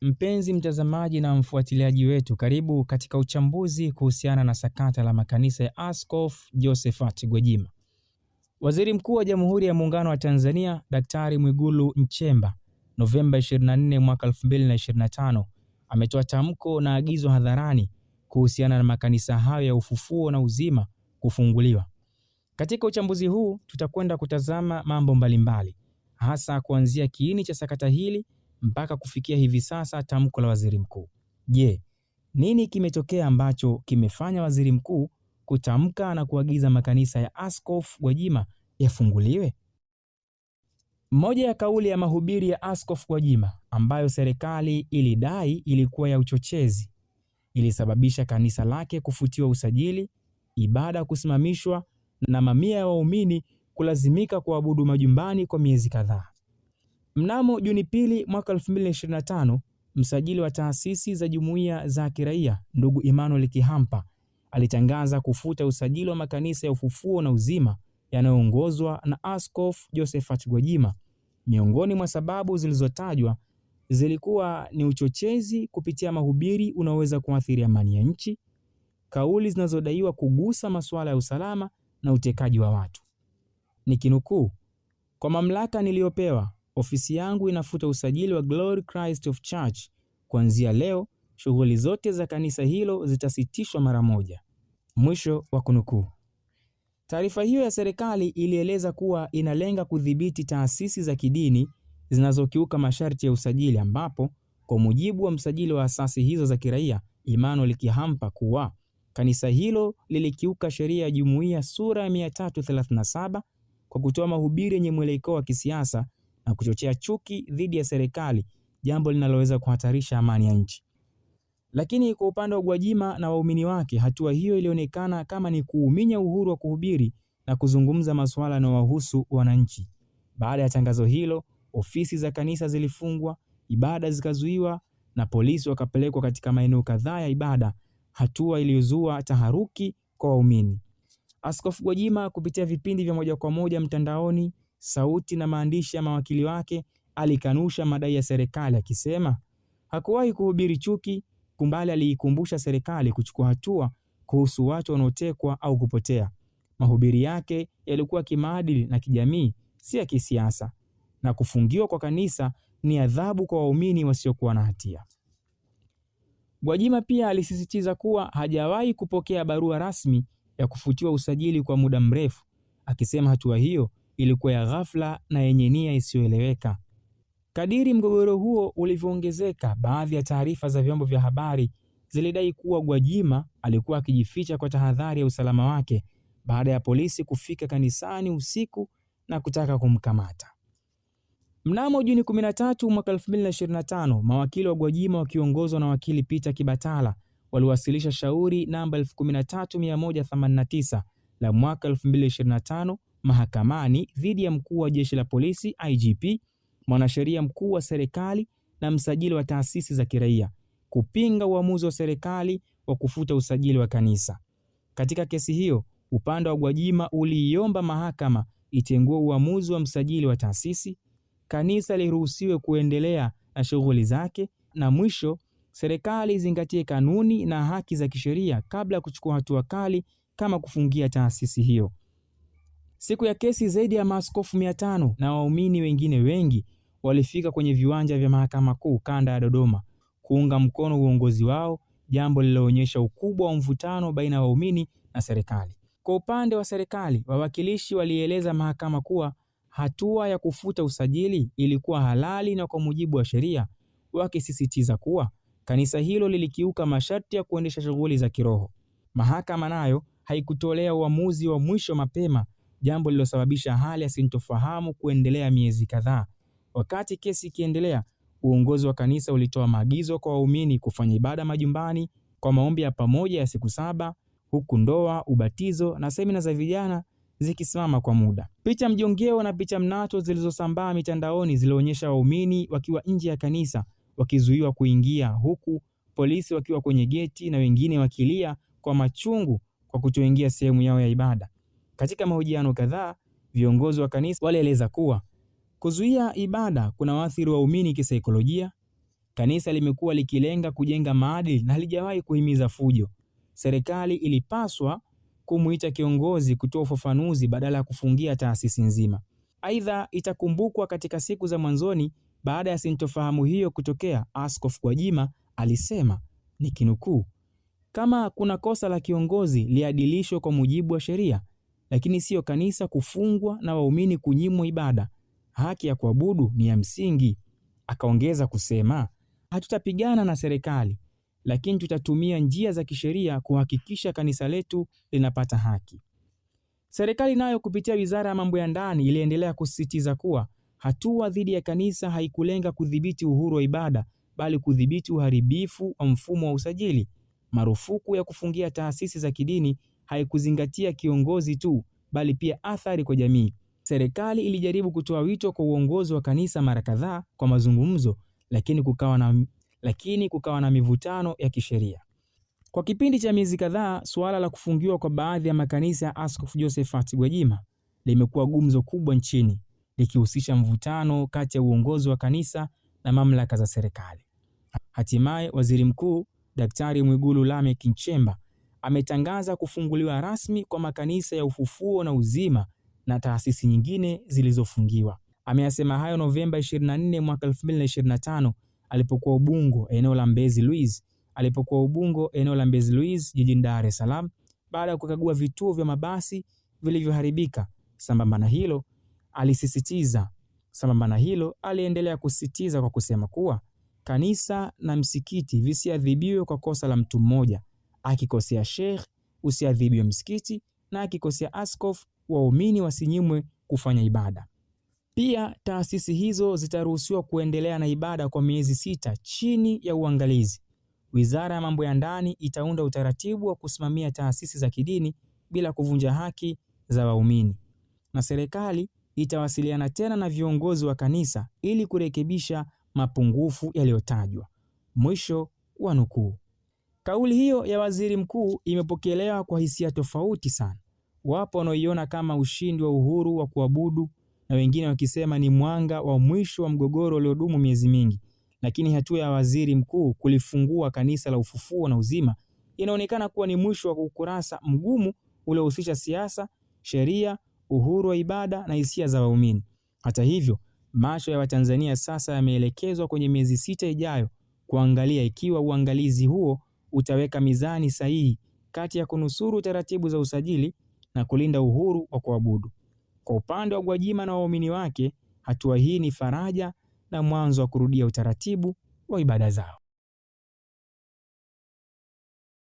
Mpenzi mtazamaji na mfuatiliaji wetu, karibu katika uchambuzi kuhusiana na sakata la makanisa ya Askofu Josephat Gwajima. Waziri Mkuu wa Jamhuri ya Muungano wa Tanzania Daktari Mwigulu Nchemba Novemba 24 mwaka 2025 ametoa tamko na agizo hadharani kuhusiana na makanisa hayo ya Ufufuo na Uzima kufunguliwa. Katika uchambuzi huu tutakwenda kutazama mambo mbalimbali, hasa kuanzia kiini cha sakata hili mpaka kufikia hivi sasa tamko la waziri mkuu. Je, nini kimetokea ambacho kimefanya waziri mkuu kutamka na kuagiza makanisa ya Askofu Gwajima yafunguliwe? Moja ya kauli ya mahubiri ya Askofu Gwajima ambayo serikali ilidai ilikuwa ya uchochezi ilisababisha kanisa lake kufutiwa usajili, ibada kusimamishwa na mamia ya waumini kulazimika kuabudu majumbani kwa miezi kadhaa. Mnamo Juni pili mwaka 2025, msajili wa taasisi za jumuiya za kiraia ndugu Emmanuel Kihampa alitangaza kufuta usajili wa makanisa ya Ufufuo na Uzima yanayoongozwa na Askofu Josephat Gwajima. Miongoni mwa sababu zilizotajwa zilikuwa ni uchochezi kupitia mahubiri unaoweza kuathiri amani ya nchi, kauli zinazodaiwa kugusa masuala ya usalama na utekaji wa watu. Nikinukuu, kwa mamlaka niliyopewa Ofisi yangu inafuta usajili wa Glory Christ of Church. Kuanzia leo, shughuli zote za kanisa hilo zitasitishwa mara moja. Mwisho wa kunukuu. Taarifa hiyo ya serikali ilieleza kuwa inalenga kudhibiti taasisi za kidini zinazokiuka masharti ya usajili, ambapo kwa mujibu wa msajili wa asasi hizo za kiraia Emmanuel Kihampa kuwa kanisa hilo lilikiuka sheria ya jumuiya sura ya 337 kwa kutoa mahubiri yenye mwelekeo wa kisiasa na kuchochea chuki dhidi ya serikali, jambo linaloweza kuhatarisha amani ya nchi. Lakini kwa upande wa Gwajima na waumini wake, hatua hiyo ilionekana kama ni kuuminya uhuru wa kuhubiri na kuzungumza masuala yanayowahusu wananchi. Baada ya tangazo hilo, ofisi za kanisa zilifungwa, ibada zikazuiwa na polisi wakapelekwa katika maeneo kadhaa ya ibada, hatua iliyozua taharuki kwa waumini. Askofu Gwajima kupitia vipindi vya moja kwa moja mtandaoni sauti na maandishi ya mawakili wake, alikanusha madai ya serikali akisema hakuwahi kuhubiri chuki, kumbali aliikumbusha serikali kuchukua hatua kuhusu watu wanaotekwa au kupotea. Mahubiri yake yalikuwa kimaadili na kijamii, si ya kisiasa, na kufungiwa kwa kanisa ni adhabu kwa waumini wasiokuwa na hatia. Gwajima pia alisisitiza kuwa hajawahi kupokea barua rasmi ya kufutiwa usajili kwa muda mrefu, akisema hatua hiyo ilikuwa ya ghafla na yenye nia isiyoeleweka. Kadiri mgogoro huo ulivyoongezeka, baadhi ya taarifa za vyombo vya habari zilidai kuwa Gwajima alikuwa akijificha kwa tahadhari ya usalama wake baada ya polisi kufika kanisani usiku na kutaka kumkamata. Mnamo Juni 13 mwaka 2025, mawakili wa Gwajima wakiongozwa na wakili Peter Kibatala waliwasilisha shauri namba 13189 la mwaka 2025 mahakamani dhidi ya mkuu wa jeshi la polisi IGP, mwanasheria mkuu wa serikali na msajili wa taasisi za kiraia kupinga uamuzi wa serikali wa kufuta usajili wa kanisa. Katika kesi hiyo, upande wa Gwajima uliiomba mahakama itengue uamuzi wa msajili wa taasisi, kanisa liruhusiwe kuendelea na shughuli zake, na mwisho serikali izingatie kanuni na haki za kisheria kabla ya kuchukua hatua kali kama kufungia taasisi hiyo. Siku ya kesi, zaidi ya maaskofu mia tano na waumini wengine wengi walifika kwenye viwanja vya mahakama kuu kanda ya Dodoma kuunga mkono uongozi wao, jambo lililoonyesha ukubwa wa mvutano baina ya waumini na serikali. Kwa upande wa serikali, wawakilishi walieleza mahakama kuwa hatua ya kufuta usajili ilikuwa halali na kwa mujibu wa sheria, wakisisitiza kuwa kanisa hilo lilikiuka masharti ya kuendesha shughuli za kiroho. Mahakama nayo haikutolea uamuzi wa mwisho mapema jambo lililosababisha hali ya sintofahamu kuendelea miezi kadhaa. Wakati kesi ikiendelea, uongozi wa kanisa ulitoa maagizo kwa waumini kufanya ibada majumbani kwa maombi ya pamoja ya siku saba, huku ndoa, ubatizo na semina za vijana zikisimama kwa muda. Picha mjongeo na picha mnato zilizosambaa mitandaoni zilionyesha waumini wakiwa nje ya kanisa wakizuiwa kuingia, huku polisi wakiwa kwenye geti na wengine wakilia kwa machungu kwa kutoingia sehemu yao ya ibada. Katika mahojiano kadhaa, viongozi wa kanisa walieleza kuwa kuzuia ibada kuna waathiri waumini kisaikolojia. Kanisa limekuwa likilenga kujenga maadili na halijawahi kuhimiza fujo. Serikali ilipaswa kumwita kiongozi kutoa ufafanuzi badala ya kufungia taasisi nzima. Aidha, itakumbukwa katika siku za mwanzoni baada ya sintofahamu hiyo kutokea, Askofu Gwajima alisema nikinukuu, kama kuna kosa la kiongozi liadilishwe kwa mujibu wa sheria, lakini siyo kanisa kufungwa na waumini kunyimwa ibada. Haki ya kuabudu ni ya msingi. Akaongeza kusema, hatutapigana na serikali, lakini tutatumia njia za kisheria kuhakikisha kanisa letu linapata haki. Serikali nayo kupitia Wizara ya Mambo ya Ndani iliendelea kusisitiza kuwa hatua dhidi ya kanisa haikulenga kudhibiti uhuru wa ibada, bali kudhibiti uharibifu wa mfumo wa usajili. Marufuku ya kufungia taasisi za kidini haikuzingatia kiongozi tu, bali pia athari kwa jamii. Serikali ilijaribu kutoa wito kwa uongozi wa kanisa mara kadhaa kwa mazungumzo, lakini kukawa na, lakini kukawa na mivutano ya kisheria. Kwa kipindi cha miezi kadhaa, suala la kufungiwa kwa baadhi ya makanisa ya Askofu Josephat Gwajima limekuwa gumzo kubwa nchini, likihusisha mvutano kati ya uongozi wa kanisa na mamlaka za serikali. Hatimaye, Waziri Mkuu Daktari Mwigulu Lameck Nchemba ametangaza kufunguliwa rasmi kwa makanisa ya Ufufuo na Uzima na taasisi nyingine zilizofungiwa. Ameyasema hayo Novemba 24 mwaka 2025 alipokuwa Ubungo eneo la Mbezi Luiz, alipokuwa Ubungo eneo la Mbezi Luiz jijini Dar es Salaam baada ya kukagua vituo vya mabasi vilivyoharibika. Sambamba na hilo alisisitiza, sambamba na hilo aliendelea kusisitiza kwa kusema kuwa kanisa na msikiti visiadhibiwe kwa kosa la mtu mmoja akikosea sheikh usiadhibiwe msikiti, na akikosea askof waumini wasinyimwe kufanya ibada. Pia taasisi hizo zitaruhusiwa kuendelea na ibada kwa miezi sita chini ya uangalizi. Wizara ya Mambo ya Ndani itaunda utaratibu wa kusimamia taasisi za kidini bila kuvunja haki za waumini, na serikali itawasiliana tena na viongozi wa kanisa ili kurekebisha mapungufu yaliyotajwa. Mwisho wa nukuu. Kauli hiyo ya waziri mkuu imepokelewa kwa hisia tofauti sana. Wapo wanaoiona kama ushindi wa uhuru wa kuabudu na wengine wakisema ni mwanga wa mwisho wa mgogoro uliodumu miezi mingi. Lakini hatua ya waziri mkuu kulifungua kanisa la ufufuo na uzima inaonekana kuwa ni mwisho wa ukurasa mgumu uliohusisha siasa, sheria, uhuru wa ibada na hisia za waumini. Hata hivyo, macho ya Watanzania sasa yameelekezwa kwenye miezi sita ijayo kuangalia ikiwa uangalizi huo utaweka mizani sahihi kati ya kunusuru taratibu za usajili na kulinda uhuru wa kuabudu. Kwa upande wa Gwajima na waumini wake, hatua hii ni faraja na mwanzo wa kurudia utaratibu wa ibada zao.